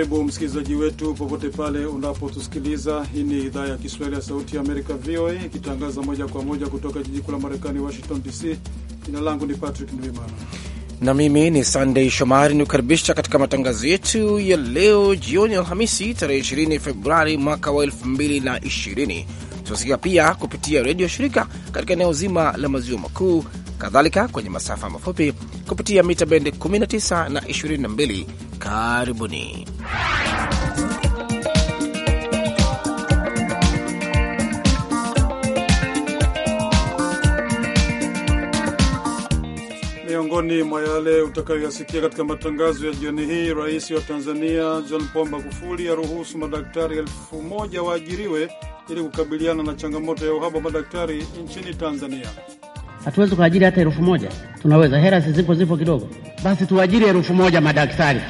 Karibu msikilizaji wetu popote pale unapotusikiliza. Hii ni idhaa ya Kiswahili ya Sauti ya Amerika, VOA, ikitangaza moja kwa moja kutoka jiji kuu la Marekani, Washington DC. Jina langu ni Patrick Ndwimana na mimi ni Sandey Shomari, ni kukaribisha katika matangazo yetu ya leo jioni, Alhamisi tarehe 20 Februari mwaka wa 2020. Tunasikika pia kupitia redio shirika katika eneo zima la maziwa makuu, kadhalika kwenye masafa mafupi kupitia mita bendi 19 na 22. Karibuni Miongoni mwa yale utakayoyasikia katika matangazo ya jioni hii, rais wa Tanzania John Pombe Magufuli aruhusu madaktari elfu moja waajiriwe ili kukabiliana na changamoto ya uhaba wa madaktari nchini Tanzania. Hatuwezi kuajiri hata elfu moja tunaweza, hela zipo zipo kidogo, basi tuajiri elfu moja madaktari.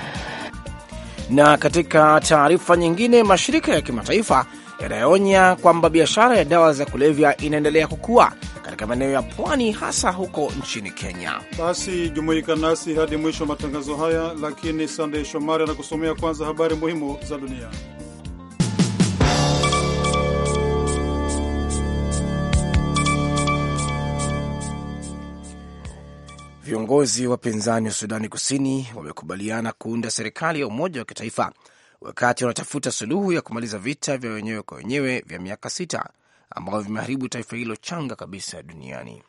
Na katika taarifa nyingine, mashirika ya kimataifa yanayoonya kwamba biashara ya dawa za kulevya inaendelea kukua katika maeneo ya pwani, hasa huko nchini Kenya. Basi jumuika nasi hadi mwisho wa matangazo haya, lakini Sandey Shomari anakusomea kwanza habari muhimu za dunia. Viongozi wa pinzani wa Sudani Kusini wamekubaliana kuunda serikali ya umoja wa kitaifa wakati wanatafuta suluhu ya kumaliza vita vya wenyewe kwa wenyewe vya miaka sita ambavyo vimeharibu taifa hilo changa kabisa duniani.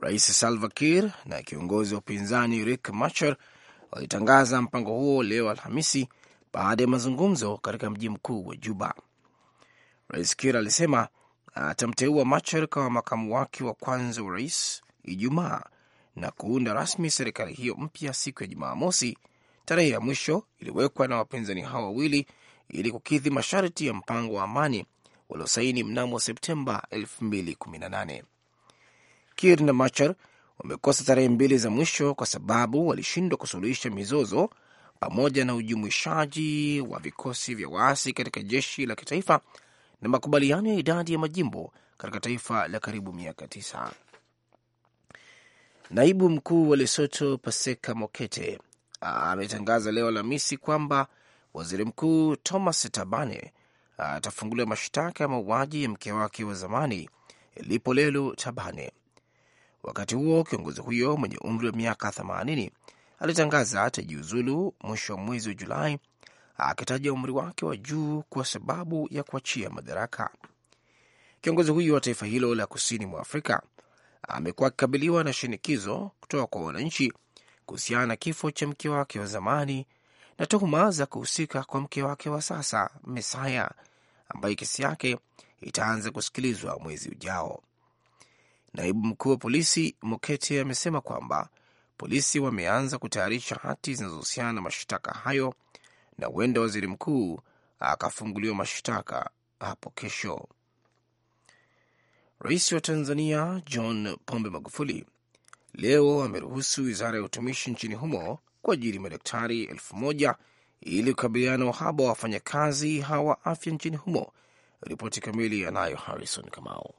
Rais Salva Kiir na kiongozi wa upinzani Riek Machar walitangaza mpango huo leo Alhamisi baada ya mazungumzo katika mji mkuu wa Juba. Rais Kiir alisema atamteua Machar kama makamu wake wa kwanza wa rais Ijumaa na kuunda rasmi serikali hiyo mpya siku ya Jumamosi, tarehe ya mwisho iliwekwa na wapinzani hao wawili ili kukidhi masharti ya mpango wa amani waliosaini mnamo Septemba 2018. Kir na Machar wamekosa tarehe mbili za mwisho kwa sababu walishindwa kusuluhisha mizozo pamoja na ujumuishaji wa vikosi vya waasi katika jeshi la kitaifa na makubaliano ya idadi ya majimbo katika taifa la karibu miaka tisa. Naibu mkuu wa Lesoto Paseka Mokete ametangaza leo Alhamisi kwamba waziri mkuu Thomas Tabane atafunguliwa mashtaka ya mauaji ya mke wake wa zamani Lipolelo Tabane. Wakati huo kiongozi huyo mwenye umri wa miaka 80 alitangaza atajiuzulu mwisho wa mwezi wa Julai, akitaja umri wake wa juu kwa sababu ya kuachia madaraka. Kiongozi huyo wa taifa hilo la kusini mwa Afrika amekuwa akikabiliwa na shinikizo kutoka kwa wananchi kuhusiana na kifo cha mke wake wa zamani na tuhuma za kuhusika kwa mke wake wa sasa Mesaya, ambaye kesi yake itaanza kusikilizwa mwezi ujao. Naibu mkuu wa polisi Mokete amesema kwamba polisi wameanza kutayarisha hati zinazohusiana na mashtaka hayo na huenda waziri mkuu akafunguliwa mashtaka hapo kesho. Rais wa Tanzania John Pombe Magufuli leo ameruhusu wizara ya utumishi nchini humo kuajiri madaktari elfu moja ili kukabiliana na uhaba wa wafanyakazi hawa afya nchini humo. Ripoti kamili anayo Harrison Kamau.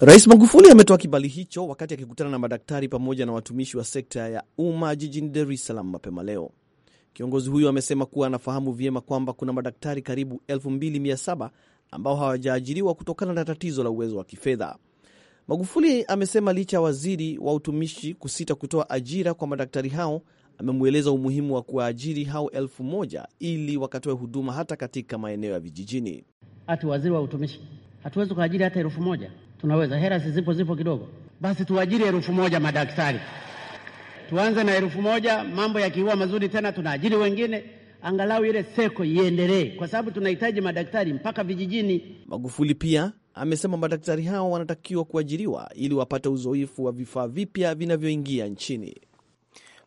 Rais Magufuli ametoa kibali hicho wakati akikutana na madaktari pamoja na watumishi wa sekta ya umma jijini Dar es Salaam mapema leo. Kiongozi huyo amesema kuwa anafahamu vyema kwamba kuna madaktari karibu 2700 ambao hawajaajiriwa kutokana na tatizo la uwezo wa kifedha. Magufuli amesema licha ya waziri wa utumishi kusita kutoa ajira kwa madaktari hao, amemweleza umuhimu wa kuwaajiri hao elfu moja ili wakatoe huduma hata katika maeneo ya vijijini. Ati waziri wa utumishi, hatuwezi kuajiri hata elfu moja? Tunaweza, hera si zipo, zipo kidogo, basi tuajiri elfu moja madaktari, tuanze na elfu moja. Mambo yakiwa mazuri tena tunaajiri wengine angalau ile seko iendelee, kwa sababu tunahitaji madaktari mpaka vijijini. Magufuli pia amesema madaktari hao wanatakiwa kuajiriwa ili wapate uzoefu wa vifaa vipya vinavyoingia nchini.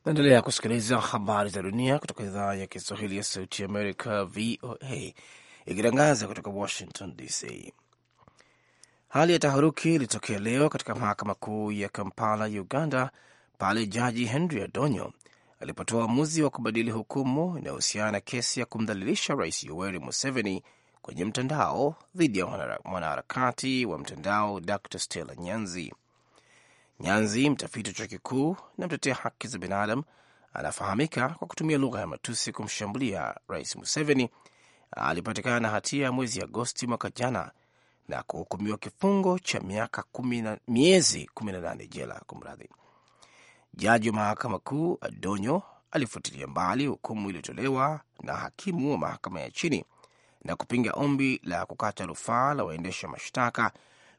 Naendelea kusikiliza habari za dunia kutoka idhaa ya Kiswahili ya Sauti Amerika, VOA, ikitangaza kutoka Washington DC. Hali ya taharuki ilitokea leo katika mahakama kuu ya Kampala, Uganda, pale jaji Henry Adonyo alipotoa uamuzi wa kubadili hukumu inayohusiana na kesi ya kumdhalilisha Rais Yoweri Museveni kwenye mtandao dhidi ya mwanaharakati wa mtandao Dr Stella Nyanzi. Nyanzi, mtafiti wa chuo kikuu na mtetea haki za binadamu, anafahamika kwa kutumia lugha ya matusi kumshambulia Rais Museveni. Alipatikana na hatia mwezi Agosti mwaka jana na kuhukumiwa kifungo cha miaka kumina, miezi nane jela. Kumradhi, jaji wa mahakama kuu Adonyo alifutilia mbali hukumu iliyotolewa na hakimu wa mahakama ya chini na kupinga ombi la kukata rufaa la waendesha mashtaka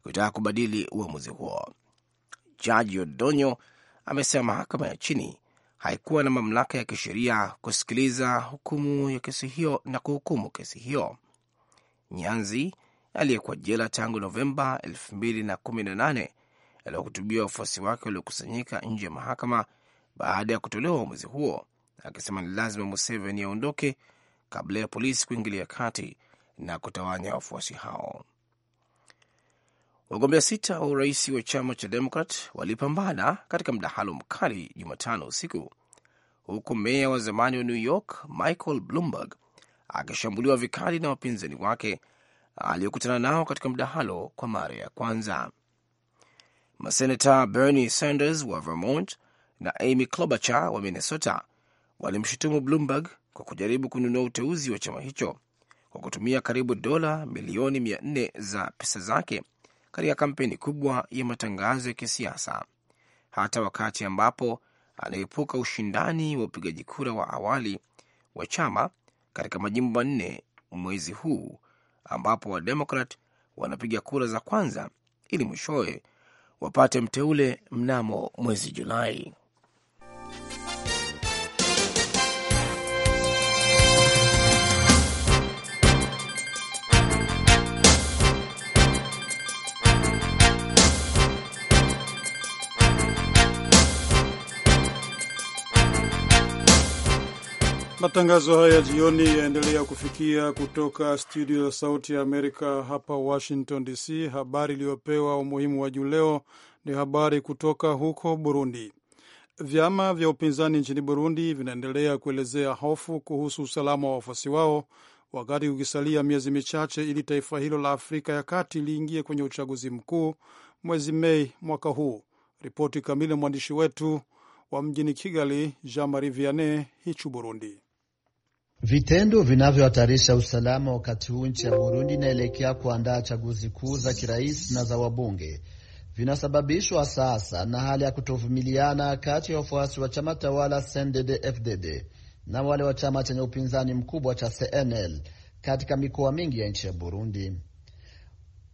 kutaka kubadili uamuzi huo. Jaji Odonyo amesema mahakama ya chini haikuwa na mamlaka ya kisheria kusikiliza hukumu ya kesi hiyo na kuhukumu kesi hiyo. Nyanzi aliyekuwa jela tangu Novemba 2018 aliwahutubia wafuasi wake waliokusanyika nje ya mahakama baada ya kutolewa uamuzi huo, akisema ni lazima Museveni aondoke kabla ya polisi kuingilia kati na kutawanya wafuasi hao. Wagombea sita wa urais wa chama cha Demokrat walipambana katika mdahalo mkali Jumatano usiku huku meya wa zamani wa New York Michael Bloomberg akishambuliwa vikali na wapinzani wake aliyokutana nao katika mdahalo kwa mara ya kwanza. Masenata Bernie Sanders wa Vermont na Amy Klobuchar wa Minnesota walimshutumu Bloomberg kwa kujaribu kununua uteuzi wa chama hicho kwa kutumia karibu dola milioni mia nne za pesa zake katika kampeni kubwa ya matangazo ya kisiasa, hata wakati ambapo anaepuka ushindani wa upigaji kura wa awali wa chama katika majimbo manne mwezi huu ambapo Wademokrat wanapiga kura za kwanza ili mwishowe wapate mteule mnamo mwezi Julai. Matangazo haya jioni yaendelea kufikia kutoka studio ya Sauti ya Amerika hapa Washington DC. Habari iliyopewa umuhimu wa juu leo ni habari kutoka huko Burundi. Vyama vya upinzani nchini Burundi vinaendelea kuelezea hofu kuhusu usalama wa wafuasi wao, wakati kukisalia miezi michache ili taifa hilo la Afrika ya Kati liingie kwenye uchaguzi mkuu mwezi Mei mwaka huu. Ripoti kamili mwandishi wetu wa mjini Kigali, Jean Marie Vianney Hichu, Burundi. Vitendo vinavyohatarisha usalama wakati huu nchi ya Burundi inaelekea kuandaa chaguzi kuu za kirais na za wabunge vinasababishwa sasa na hali ya kutovumiliana kati ya wafuasi wa chama tawala CNDD-FDD na wale wa chama chenye upinzani mkubwa cha CNL katika mikoa mingi ya nchi ya Burundi.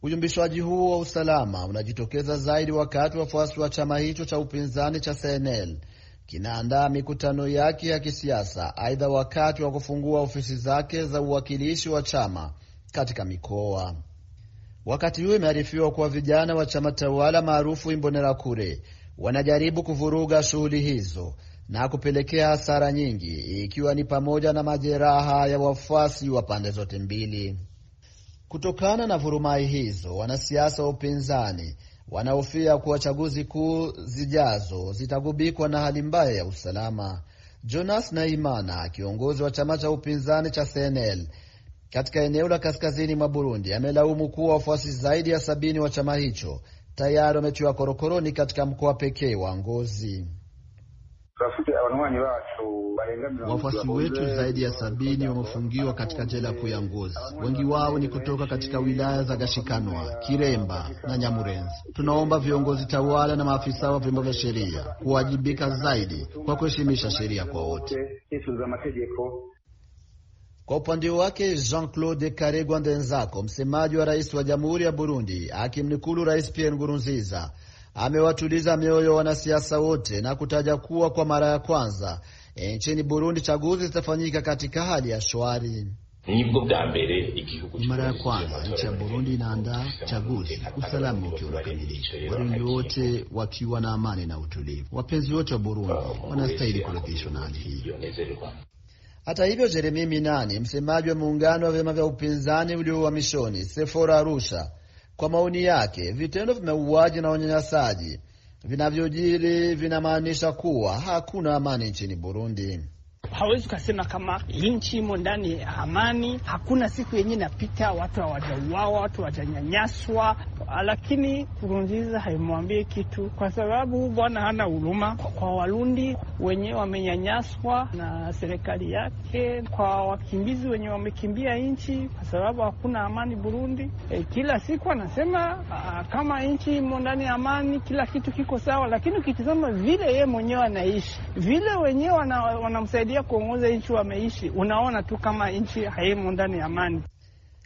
Uyumbishwaji huo wa usalama unajitokeza zaidi wakati wafuasi wa chama hicho cha upinzani cha CNL kinaandaa mikutano yake ya kisiasa, aidha wakati wa kufungua ofisi zake za uwakilishi wa chama katika mikoa. Wakati huo imearifiwa kuwa vijana wa chama tawala maarufu Imbonerakure wanajaribu kuvuruga shughuli hizo na kupelekea hasara nyingi, ikiwa ni pamoja na majeraha ya wafuasi wa pande zote mbili. Kutokana na vurumai hizo, wanasiasa wa upinzani wanahofia kuwa chaguzi kuu zijazo zitagubikwa na hali mbaya ya usalama. Jonas Naimana, kiongozi wa chama cha upinzani cha CNL katika eneo la kaskazini mwa Burundi, amelaumu kuwa wafuasi zaidi ya sabini wa chama hicho tayari wametiwa korokoroni katika mkoa pekee wa Ngozi. Wafuasi wetu zaidi ya sabini wamefungiwa katika jela kuu ya Ngozi. Wengi wao ni kutoka katika wilaya za Gashikanwa, Kiremba na Nyamurenzi. Tunaomba viongozi tawala na maafisa wa vyombo vya sheria kuwajibika zaidi kwa kuheshimisha sheria kwa wote. Kwa upande wake Jean-Claude Karegwa Ndenzako, msemaji wa rais wa jamhuri ya Burundi, akimnukulu Rais Pierre Nkurunziza amewatuliza mioyo wanasiasa wote na kutaja kuwa kwa mara ya kwanza e, nchini Burundi chaguzi zitafanyika katika hali ya shwari. Ni mara ya kwanza nchi ya Burundi inaandaa chaguzi, usalama ukiwa unakamilisha, Warundi wote wakiwa na amani na utulivu. Wapenzi wote wa Burundi wanastahili kuridhishwa na hali hii. Hata hivyo, Jeremi Minani, msemaji wa muungano wa vyama vya upinzani uliouhamishoni Sefora Arusha, kwa maoni yake, vitendo vya mauaji na unyanyasaji vinavyojiri vinamaanisha kuwa hakuna amani nchini Burundi hawezi ukasema kama nchi imo ndani ya amani. Hakuna siku yenye inapita watu hawajauawa, watu hawajanyanyaswa, lakini Kurunziza haimwambie kitu, kwa sababu bwana hana huruma kwa Warundi wenyewe wamenyanyaswa na serikali yake, kwa wakimbizi wenye wamekimbia nchi kwa sababu hakuna amani Burundi. E, kila siku anasema kama nchi imo ndani ya amani, kila kitu kiko sawa, lakini ukitizama vile yeye mwenyewe anaishi, vile wenyewe wanamsaidia wanakuja kuongoza nchi wameishi, unaona tu kama nchi haimo ndani ya amani.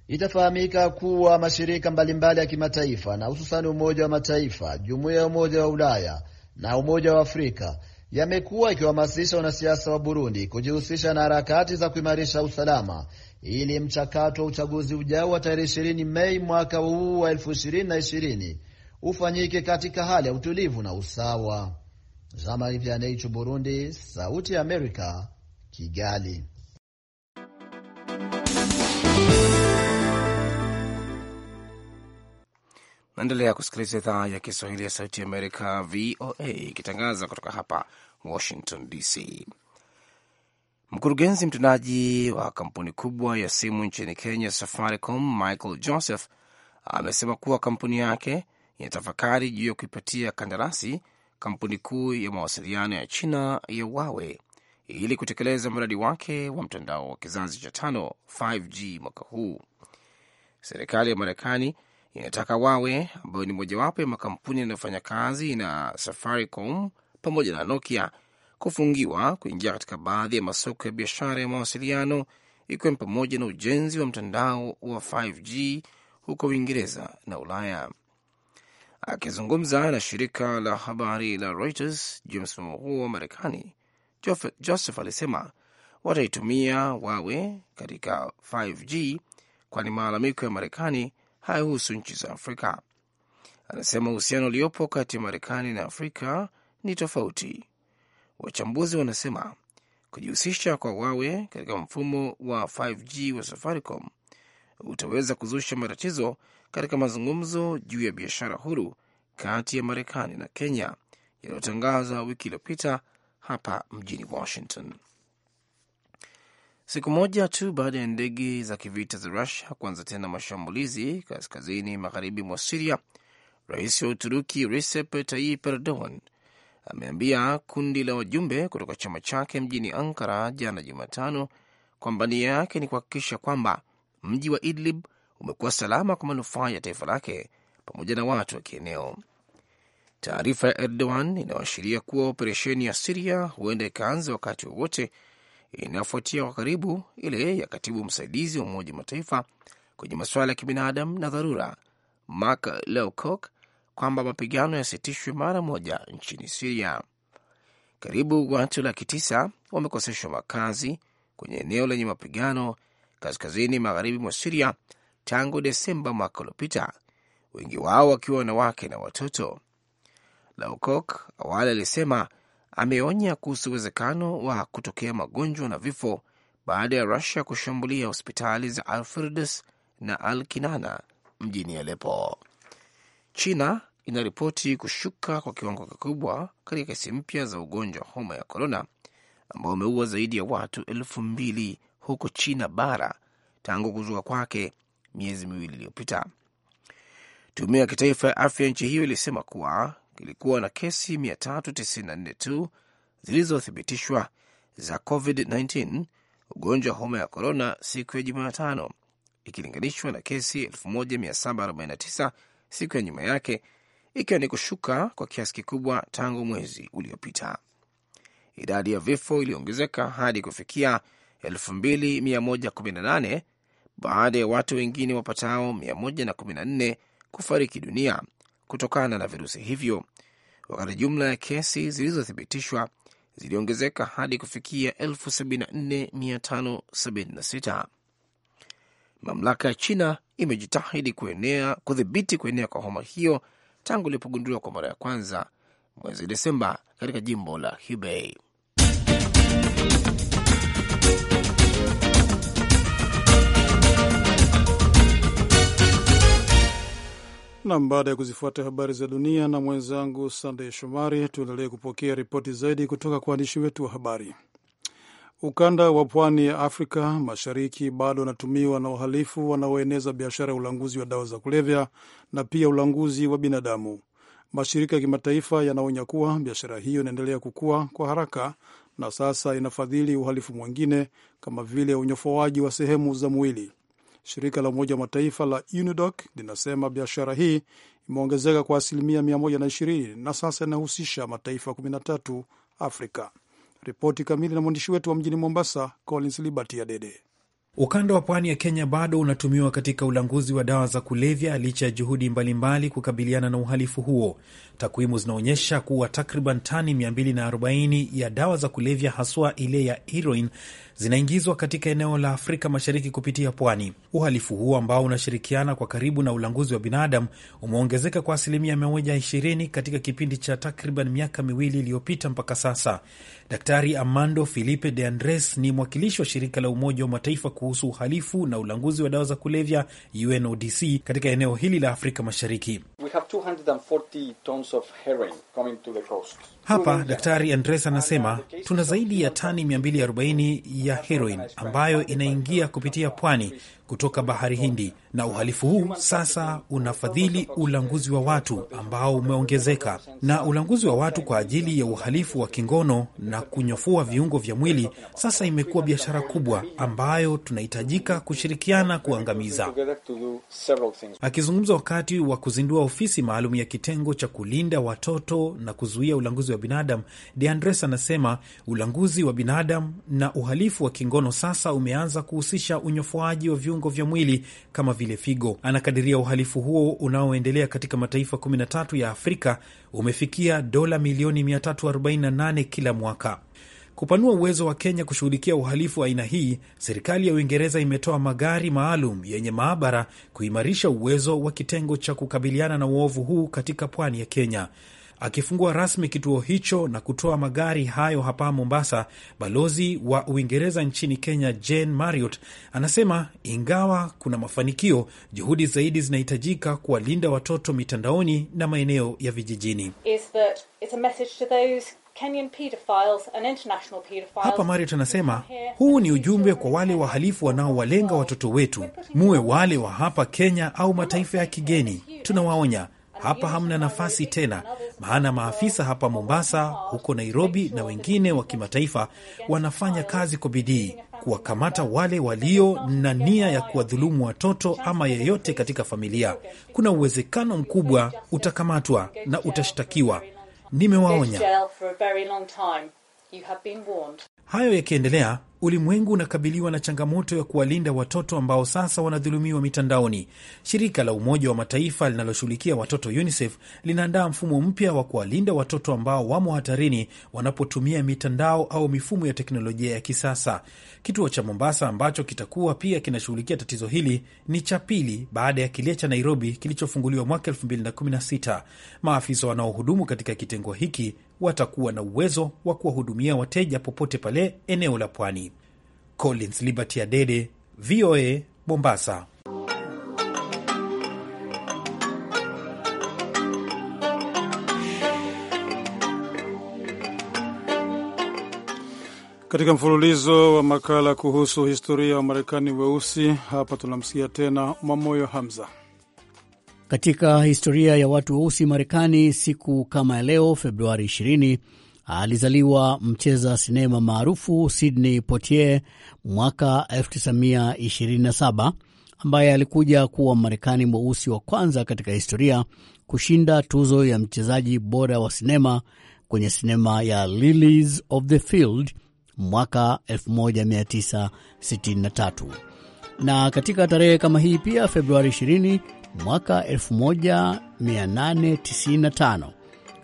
Itafahamika kuwa mashirika mbalimbali mbali ya kimataifa na hususani Umoja wa Mataifa, Jumuiya ya Umoja wa Ulaya na Umoja wa Afrika yamekuwa ikiwahamasisha wanasiasa wa Burundi kujihusisha na harakati za kuimarisha usalama ili mchakato wa uchaguzi ujao wa tarehe ishirini Mei mwaka huu wa elfu ishirini na ishirini ufanyike katika hali ya utulivu na usawa. Burundi, Sauti ya Amerika, Kigali. Naendelea kusikiliza idhaa ya Kiswahili ya Sauti Amerika, VOA, ikitangaza kutoka hapa Washington DC. Mkurugenzi mtendaji wa kampuni kubwa ya simu nchini Kenya, Safaricom, Michael Joseph amesema kuwa kampuni yake inatafakari juu ya kuipatia kandarasi kampuni kuu ya mawasiliano ya China ya Huawei ili kutekeleza mradi wake wa mtandao wa kizazi cha tano 5G mwaka huu. Serikali ya Marekani inataka Wawe, ambayo ni mojawapo ya makampuni yanayofanya kazi na Safaricom pamoja na Nokia, kufungiwa kuingia katika baadhi ya masoko ya biashara ya mawasiliano, ikiwa ni pamoja na ujenzi wa mtandao wa 5G huko Uingereza na Ulaya. Akizungumza na shirika la habari la Reuters juu ya msimamo huo wa Marekani, Joseph alisema wataitumia wawe katika 5G kwani malalamiko ya Marekani hayahusu nchi za Afrika. Anasema uhusiano uliopo kati ya Marekani na Afrika ni tofauti. Wachambuzi wanasema kujihusisha kwa wawe katika mfumo wa 5G wa Safaricom utaweza kuzusha matatizo katika mazungumzo juu ya biashara huru kati ya Marekani na Kenya yaliyotangaza wiki iliyopita hapa mjini Washington. Siku moja tu baada ya ndege za kivita za Rusia kuanza tena mashambulizi kaskazini magharibi mwa Siria, rais wa Uturuki Recep Tayyip Erdogan ameambia kundi la wajumbe kutoka chama chake mjini Ankara jana Jumatano kwamba nia yake ni kuhakikisha kwamba mji wa Idlib umekuwa salama kwa manufaa ya taifa lake pamoja na watu wa kieneo. Taarifa ya Erdogan inayoashiria kuwa operesheni ya Siria huenda ikaanza wakati wowote inayofuatia kwa karibu ile ya katibu msaidizi wa Umoja wa Mataifa kwenye masuala ya kibinadamu na dharura Mark Lowcock kwamba mapigano yasitishwe mara moja nchini Siria. Karibu watu laki tisa wamekoseshwa makazi kwenye eneo lenye mapigano kaskazini magharibi mwa Siria tangu Desemba mwaka uliopita, wengi wao wakiwa wanawake na watoto. Laukok awali alisema ameonya kuhusu uwezekano wa kutokea magonjwa na vifo baada ya Rusia kushambulia hospitali za Alfirdas na Al Kinana mjini Alepo. China inaripoti kushuka kwa kiwango kikubwa katika kesi mpya za ugonjwa wa homa ya korona ambao umeua zaidi ya watu elfu mbili huko China bara tangu kuzuka kwake miezi miwili iliyopita. Tume ya kitaifa ya afya nchi hiyo ilisema kuwa kilikuwa na kesi 394 tu zilizothibitishwa za COVID-19, ugonjwa wa homa ya korona, siku ya Jumatano, ikilinganishwa na kesi 1749 siku ya nyuma yake, ikiwa ni kushuka kwa kiasi kikubwa tangu mwezi uliopita. Idadi ya vifo iliongezeka hadi kufikia 2118 baada ya watu wengine wapatao 114 kufariki dunia kutokana na virusi hivyo, wakati jumla ya kesi zilizothibitishwa ziliongezeka hadi kufikia 74576. Mamlaka ya China imejitahidi kuenea kudhibiti kuenea kwa homa hiyo tangu ilipogunduliwa kwa mara ya kwanza mwezi Desemba katika jimbo la Hubei. Nam, baada ya kuzifuata habari za dunia na mwenzangu Sandey Shomari, tuendelee kupokea ripoti zaidi kutoka kwa waandishi wetu wa habari. Ukanda wa pwani ya Afrika Mashariki bado unatumiwa na wahalifu wanaoeneza biashara ya ulanguzi wa dawa za kulevya na pia ulanguzi wa binadamu. Mashirika ya kimataifa yanaonya kuwa biashara hiyo inaendelea kukua kwa haraka na sasa inafadhili uhalifu mwingine kama vile unyofoaji wa sehemu za mwili. Shirika la Umoja wa Mataifa la UNIDOC linasema biashara hii imeongezeka kwa asilimia 120 na sasa inahusisha mataifa 13 Afrika. Ripoti kamili na mwandishi wetu wa mjini Mombasa, Collins Liberty Adede. Ukanda wa pwani ya Kenya bado unatumiwa katika ulanguzi wa dawa za kulevya licha ya juhudi mbalimbali kukabiliana na uhalifu huo. Takwimu zinaonyesha kuwa takriban tani 240 ya dawa za kulevya haswa ile ya heroin zinaingizwa katika eneo la Afrika Mashariki kupitia pwani. Uhalifu huo ambao unashirikiana kwa karibu na ulanguzi wa binadamu umeongezeka kwa asilimia 120 katika kipindi cha takriban miaka miwili iliyopita mpaka sasa. Daktari Amando Filipe de Andres ni mwakilishi wa shirika la Umoja wa Mataifa kuhusu uhalifu na ulanguzi wa dawa za kulevya UNODC katika eneo hili la Afrika Mashariki. We have 240 tons of heroin coming to the coast. Hapa Daktari Andres anasema tuna zaidi ya tani 240 ya heroin ambayo inaingia kupitia pwani kutoka bahari Hindi, na uhalifu huu sasa unafadhili ulanguzi wa watu ambao umeongezeka, na ulanguzi wa watu kwa ajili ya uhalifu wa kingono na kunyofua viungo vya mwili sasa imekuwa biashara kubwa ambayo tunahitajika kushirikiana kuangamiza. Akizungumza wakati wa kuzindua ofisi maalum ya kitengo cha kulinda watoto na kuzuia ulanguzi wa binadamu, Deandres anasema ulanguzi wa binadamu na uhalifu wa kingono sasa umeanza kuhusisha unyofuaji wa viungo viungo vya mwili kama vile figo. Anakadiria uhalifu huo unaoendelea katika mataifa 13 ya Afrika umefikia dola milioni 348 kila mwaka. Kupanua uwezo wa Kenya kushughulikia uhalifu wa aina hii, serikali ya Uingereza imetoa magari maalum yenye maabara kuimarisha uwezo wa kitengo cha kukabiliana na uovu huu katika pwani ya Kenya. Akifungua rasmi kituo hicho na kutoa magari hayo hapa Mombasa, balozi wa Uingereza nchini Kenya Jane Marriott anasema ingawa kuna mafanikio, juhudi zaidi zinahitajika kuwalinda watoto mitandaoni na maeneo ya vijijini. Hapa Marriott anasema huu ni ujumbe kwa wale wahalifu wanaowalenga watoto wetu, muwe wale wa hapa Kenya au mataifa ya kigeni. Tunawaonya, hapa hamna nafasi tena, maana maafisa hapa Mombasa, huko Nairobi na wengine wa kimataifa wanafanya kazi kwa bidii kuwakamata wale walio na nia ya kuwadhulumu watoto ama yeyote katika familia. Kuna uwezekano mkubwa utakamatwa na utashtakiwa. Nimewaonya. Hayo yakiendelea ulimwengu unakabiliwa na changamoto ya kuwalinda watoto ambao sasa wanadhulumiwa mitandaoni. Shirika la Umoja wa Mataifa linaloshughulikia watoto UNICEF linaandaa mfumo mpya wa kuwalinda watoto ambao wamo hatarini wanapotumia mitandao au mifumo ya teknolojia ya kisasa. Kituo cha Mombasa ambacho kitakuwa pia kinashughulikia tatizo hili ni cha pili baada ya kile cha Nairobi kilichofunguliwa mwaka 2016. Maafisa wanaohudumu katika kitengo hiki watakuwa na uwezo wa kuwahudumia wateja popote pale eneo la pwani. Collins Liberty Adede, VOA Mombasa. Katika mfululizo wa makala kuhusu historia ya Wamarekani weusi hapa tunamsikia tena Mwamoyo Hamza. Katika historia ya watu weusi Marekani, siku kama ya leo Februari 20 alizaliwa mcheza sinema maarufu Sidney Poitier mwaka 1927 ambaye alikuja kuwa Marekani mweusi wa kwanza katika historia kushinda tuzo ya mchezaji bora wa sinema kwenye sinema ya Lilies of the Field mwaka 1963. Na katika tarehe kama hii pia Februari mwaka 1895.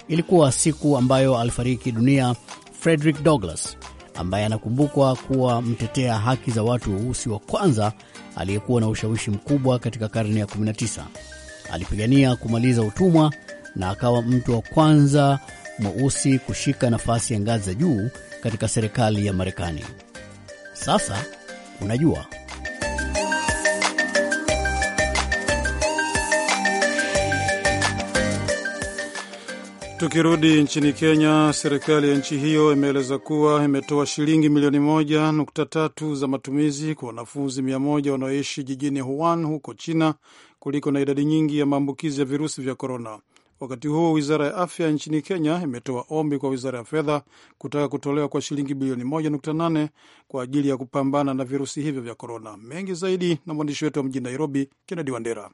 Ilikuwa siku ambayo alifariki dunia Frederick Douglass ambaye anakumbukwa kuwa mtetea haki za watu weusi wa kwanza aliyekuwa na ushawishi mkubwa katika karne ya 19. Alipigania kumaliza utumwa na akawa mtu wa kwanza mweusi kushika nafasi ya ngazi za juu katika serikali ya Marekani. Sasa unajua Tukirudi nchini Kenya, serikali ya nchi hiyo imeeleza kuwa imetoa shilingi milioni moja nukta tatu za matumizi kwa wanafunzi mia moja wanaoishi jijini Wuhan huko China kuliko na idadi nyingi ya maambukizi ya virusi vya korona. Wakati huo wizara ya afya nchini Kenya imetoa ombi kwa wizara ya fedha kutaka kutolewa kwa shilingi bilioni 1.8 kwa ajili ya kupambana na virusi hivyo vya korona. Mengi zaidi na mwandishi wetu wa mjini Nairobi, Kennedy Wandera.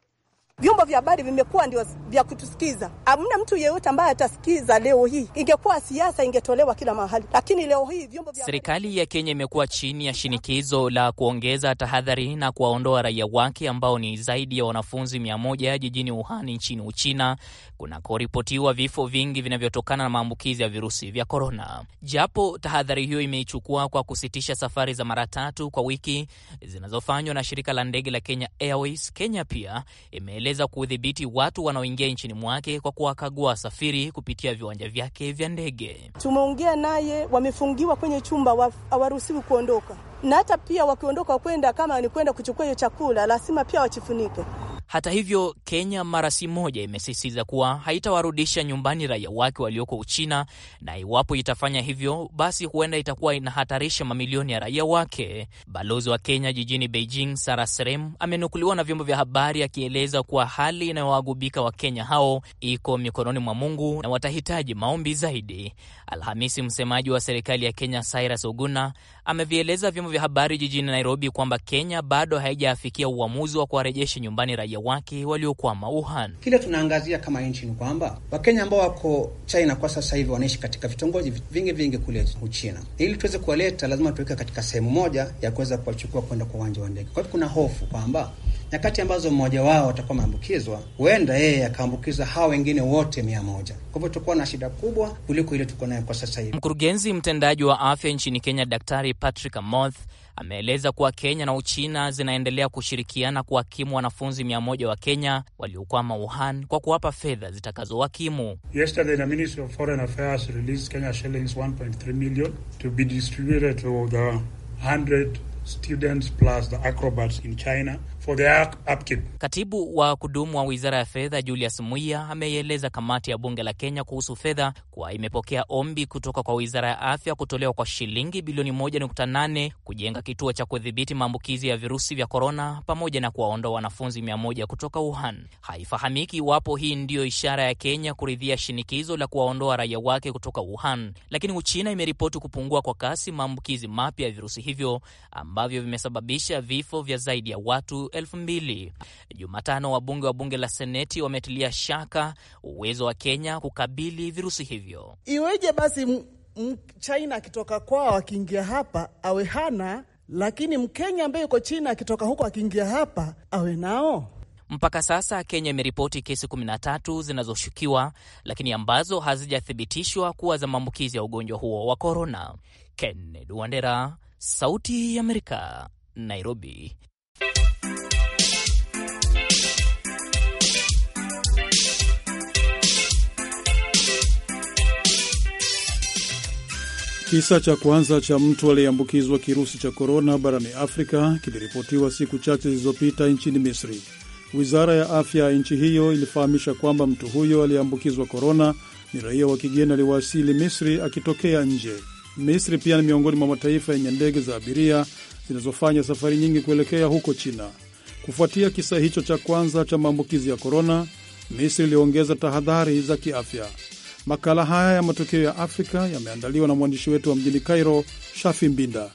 Vyombo vya habari vimekuwa ndio vya kutusikiza. Hamna mtu yeyote ambaye atasikiza leo hii. Ingekuwa siasa ingetolewa kila mahali, lakini leo hii vyombo vya serikali ya Kenya imekuwa chini ya shinikizo la kuongeza tahadhari na kuwaondoa raia wake ambao ni zaidi ya wanafunzi mia moja jijini Wuhan nchini Uchina kunakoripotiwa vifo vingi vinavyotokana na maambukizi ya virusi vya korona. Japo tahadhari hiyo imeichukua kwa kusitisha safari za mara tatu kwa wiki zinazofanywa na shirika la ndege la Kenya Airways, Kenya pia ime inaeleza kudhibiti watu wanaoingia nchini mwake kwa kuwakagua wasafiri kupitia viwanja vyake vya ndege. Tumeongea naye, wamefungiwa kwenye chumba, hawaruhusiwi kuondoka, na hata pia wakiondoka kwenda, kama ni kwenda kuchukua hiyo chakula, lazima pia wachifunike. Hata hivyo, Kenya mara si moja imesisitiza kuwa haitawarudisha nyumbani raia wake walioko Uchina, na iwapo itafanya hivyo, basi huenda itakuwa inahatarisha mamilioni ya raia wake. Balozi wa Kenya jijini Beijing, Sara Serem, amenukuliwa na vyombo vya habari akieleza kuwa hali inayowagubika Wakenya hao iko mikononi mwa Mungu na watahitaji maombi zaidi. Alhamisi, msemaji wa serikali ya Kenya Cyrus Oguna amevieleza vyombo vya habari jijini Nairobi kwamba Kenya bado haijafikia uamuzi wa kuwarejesha nyumbani raia wake waliokwama Wuhan. Kile tunaangazia kama nchi ni kwamba Wakenya ambao wako China kwa sasa hivi wanaishi katika vitongoji vingi vingi kule Uchina. Ili tuweze kuwaleta, lazima tuweke katika sehemu moja ya kuweza kuwachukua kwenda kwa uwanja wa ndege. Kwa hiyo kuna hofu kwamba nyakati ambazo mmoja wao atakuwa ameambukizwa, huenda yeye akaambukiza hawa wengine wote mia moja. Kwa hivyo tutakuwa na shida kubwa kuliko ile tuko nayo kwa sasa hivi. Mkurugenzi mtendaji wa afya nchini Kenya Daktari Patrick Amoth ameeleza kuwa Kenya na Uchina zinaendelea kushirikiana kuwakimu wanafunzi mia moja wa Kenya waliokwama Wuhan kwa kuwapa fedha zitakazowakimu for their upkeep. Katibu wa kudumu wa Wizara ya Fedha Julius Muia ameieleza kamati ya bunge la Kenya kuhusu fedha kuwa imepokea ombi kutoka kwa Wizara ya Afya kutolewa kwa shilingi bilioni 1.8 kujenga kituo cha kudhibiti maambukizi ya virusi vya korona pamoja na kuwaondoa wanafunzi 100 kutoka Wuhan. Haifahamiki iwapo hii ndiyo ishara ya Kenya kuridhia shinikizo la kuwaondoa raia wake kutoka Wuhan, lakini Uchina imeripoti kupungua kwa kasi maambukizi mapya ya virusi hivyo ambavyo vimesababisha vifo vya zaidi ya watu elfu mbili. Jumatano wabunge wa bunge la seneti wametilia shaka uwezo wa Kenya kukabili virusi hivyo. Iweje basi Mchina akitoka kwao akiingia hapa awe hana, lakini Mkenya ambaye yuko China akitoka huko akiingia hapa awe nao? Mpaka sasa Kenya imeripoti kesi 13 zinazoshukiwa lakini ambazo hazijathibitishwa kuwa za maambukizi ya ugonjwa huo wa korona. Kennedy Wandera, Sauti ya Amerika, Nairobi. Kisa cha kwanza cha mtu aliyeambukizwa kirusi cha korona barani Afrika kiliripotiwa siku chache zilizopita nchini Misri. Wizara ya afya ya nchi hiyo ilifahamisha kwamba mtu huyo aliyeambukizwa korona ni raia wa kigeni aliwasili Misri akitokea nje. Misri pia ni miongoni mwa mataifa yenye ndege za abiria zinazofanya safari nyingi kuelekea huko China. Kufuatia kisa hicho cha kwanza cha maambukizi ya korona, Misri iliongeza tahadhari za kiafya. Makala haya ya matokeo ya Afrika yameandaliwa na mwandishi wetu wa mjini Cairo, Shafi Mbinda.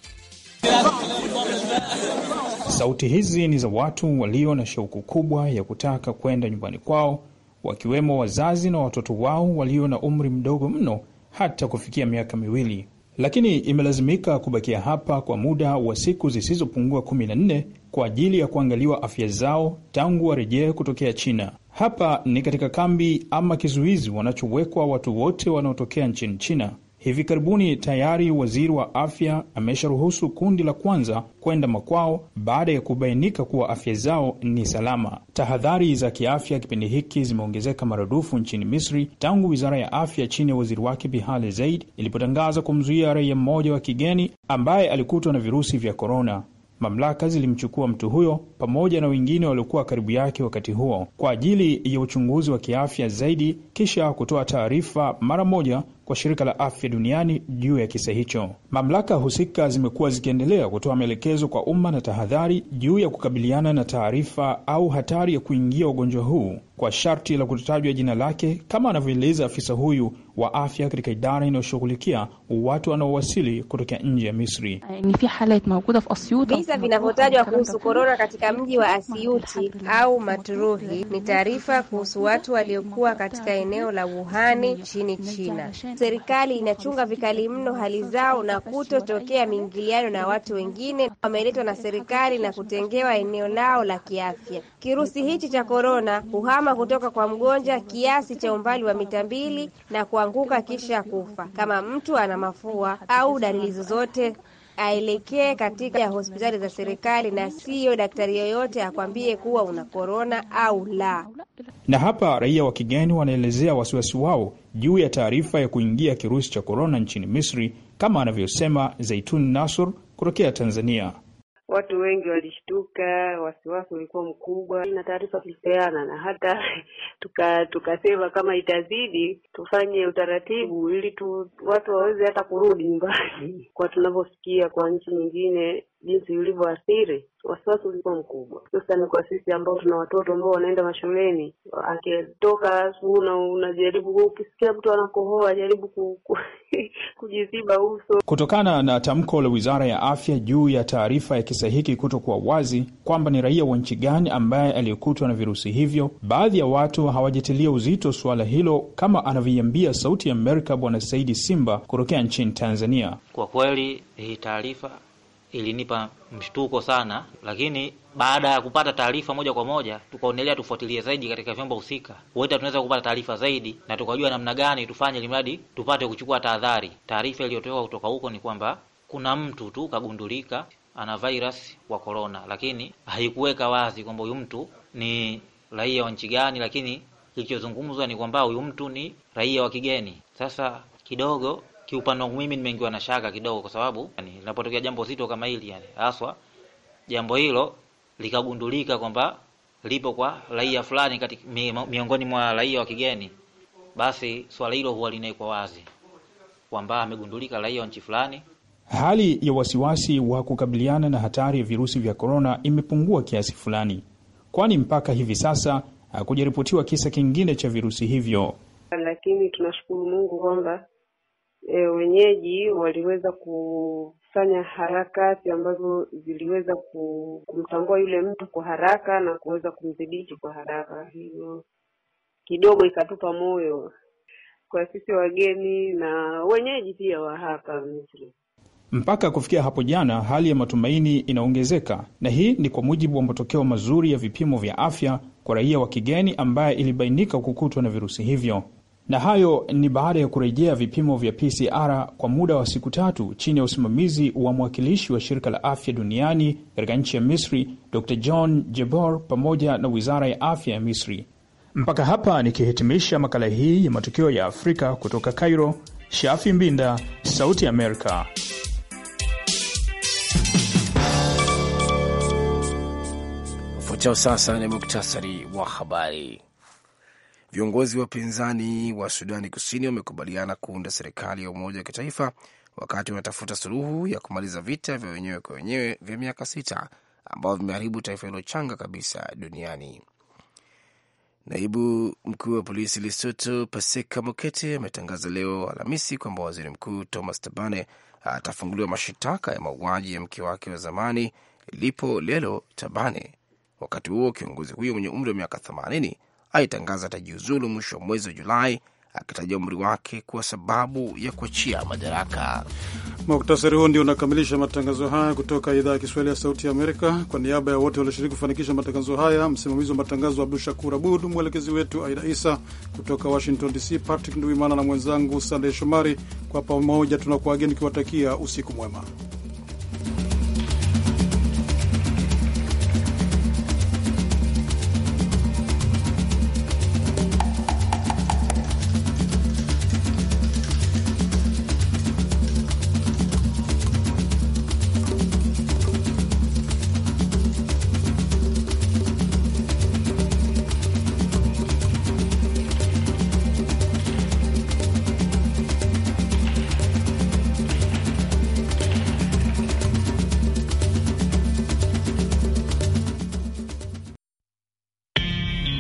Sauti hizi ni za watu walio na shauku kubwa ya kutaka kwenda nyumbani kwao, wakiwemo wazazi na watoto wao walio na umri mdogo mno hata kufikia miaka miwili, lakini imelazimika kubakia hapa kwa muda wa siku zisizopungua 14 kwa ajili ya kuangaliwa afya zao tangu warejee kutokea China. Hapa ni katika kambi ama kizuizi wanachowekwa watu wote wanaotokea nchini China. Hivi karibuni tayari waziri wa afya amesharuhusu kundi la kwanza kwenda makwao baada ya kubainika kuwa afya zao ni salama. Tahadhari za kiafya kipindi hiki zimeongezeka maradufu nchini Misri tangu wizara ya afya chini ya waziri wake Bihale Zaid ilipotangaza kumzuia raia mmoja wa kigeni ambaye alikutwa na virusi vya korona. Mamlaka zilimchukua mtu huyo pamoja na wengine waliokuwa karibu yake wakati huo kwa ajili ya uchunguzi wa kiafya zaidi, kisha kutoa taarifa mara moja kwa shirika la afya duniani juu ya kisa hicho. Mamlaka husika zimekuwa zikiendelea kutoa maelekezo kwa umma na tahadhari juu ya kukabiliana na taarifa au hatari ya kuingia ugonjwa huu kwa sharti la kutotajwa jina lake, kama anavyoeleza afisa huyu wa afya katika idara inayoshughulikia watu wanaowasili kutokea nje ya Misri. Visa vinavyotajwa kuhusu korona katika mji wa asiuti au Maturuhi ni taarifa kuhusu watu waliokuwa katika eneo la Wuhani nchini China. Serikali inachunga vikali mno hali zao na kutotokea miingiliano na watu wengine wameletwa na serikali na kutengewa eneo lao la kiafya. Kirusi hichi cha korona huhama kutoka kwa mgonjwa kiasi cha umbali wa mita mbili na kuanguka kisha kufa. Kama mtu ana mafua au dalili zozote aelekee katika hospitali za serikali na siyo daktari yoyote akwambie kuwa una korona au la. Na hapa raia wa kigeni wanaelezea wasiwasi wao juu ya taarifa ya kuingia kirusi cha korona nchini Misri, kama anavyosema Zaitun Nasur kutokea Tanzania. Watu wengi walishtuka, wasiwasi ulikuwa mkubwa, na taarifa tulipeana na hata tukasema tuka kama itazidi tufanye utaratibu ili tu, watu waweze hata kurudi nyumbani, kwa tunavyosikia kwa nchi nyingine jinsi ilivyoathiri, wasiwasi ulikuwa mkubwa, hususani kwa sisi ambao tuna watoto ambao wanaenda mashuleni. Akitoka asubuhi, unajaribu ukisikia mtu anakohoa, ajaribu ku, ku, kujiziba uso. Kutokana na tamko la Wizara ya Afya juu ya taarifa ya kisa hiki kutokuwa wazi kwamba ni raia wa nchi gani ambaye aliyekutwa na virusi hivyo, baadhi ya watu hawajatilia uzito suala hilo, kama anavyoiambia Sauti ya Amerika Bwana Saidi Simba kutokea nchini Tanzania. Kwa kweli hii taarifa ilinipa mshtuko sana, lakini baada ya kupata taarifa moja kwa moja tukaonelea tufuatilie zaidi katika vyombo husika, huenda tunaweza kupata taarifa zaidi na tukajua namna gani tufanye, ili mradi tupate kuchukua tahadhari. Taarifa iliyotoka kutoka huko ni kwamba kuna mtu tu kagundulika ana virus wa corona, lakini haikuweka wazi kwamba huyu mtu ni raia wa nchi gani, lakini kilichozungumzwa ni kwamba huyu mtu ni raia wa kigeni. Sasa kidogo kiupande wangu mimi nimeingiwa na shaka kidogo, kwa sababu yani, linapotokea jambo zito kama hili yani, haswa jambo hilo likagundulika kwamba lipo kwa raia fulani kati miongoni mwa raia wa kigeni, basi swala hilo huwa linawekwa wazi kwamba amegundulika raia wa nchi fulani. Hali ya wasiwasi wa kukabiliana na hatari ya virusi vya korona imepungua kiasi fulani, kwani mpaka hivi sasa hakujaripotiwa kisa kingine cha virusi hivyo, lakini tunashukuru Mungu kwamba e, wenyeji waliweza kufanya harakati ambazo ziliweza kumtambua yule mtu kwa haraka na kuweza kumdhibiti kwa haraka, hivyo kidogo ikatupa moyo kwa sisi wageni na wenyeji pia wa hapa Misri. Mpaka kufikia hapo jana, hali ya matumaini inaongezeka, na hii ni kwa mujibu wa matokeo mazuri ya vipimo vya afya kwa raia wa kigeni ambaye ilibainika kukutwa na virusi hivyo na hayo ni baada ya kurejea vipimo vya PCR kwa muda wa siku tatu chini ya usimamizi wa mwakilishi wa shirika la afya duniani katika nchi ya Misri, Dr John jebor pamoja na wizara ya afya ya Misri. Mpaka hapa nikihitimisha makala hii ya matukio ya Afrika kutoka Cairo, Shafi Mbinda, Sauti Amerika. Ufuatao sasa ni muktasari wa habari. Viongozi wa upinzani wa Sudani Kusini wamekubaliana kuunda serikali ya umoja wa kitaifa wakati wanatafuta suluhu ya kumaliza vita vya wenyewe kwa wenyewe vya miaka sita ambavyo vimeharibu taifa hilo changa kabisa duniani. Naibu mkuu wa polisi Lesoto Paseka Mokete, ametangaza leo Alhamisi kwamba waziri mkuu Thomas Tabane atafunguliwa mashitaka ya mauaji ya mke wake wa zamani Lipo Lelo Tabane. Wakati huo kiongozi huyo mwenye umri wa miaka 80 alitangaza atajiuzulu mwisho wa mwezi wa Julai, akitaja umri wake kuwa sababu ya kuachia madaraka. Muktasari huo ndio unakamilisha matangazo haya kutoka idhaa ya Kiswahili ya Sauti ya Amerika. Kwa niaba ya wote walioshiriki kufanikisha matangazo haya, msimamizi wa matangazo Abdu Shakur Abud, mwelekezi wetu Aida Isa kutoka Washington DC, Patrick Nduimana na mwenzangu Sandey Shomari, kwa pamoja tunakuageni kiwatakia usiku mwema.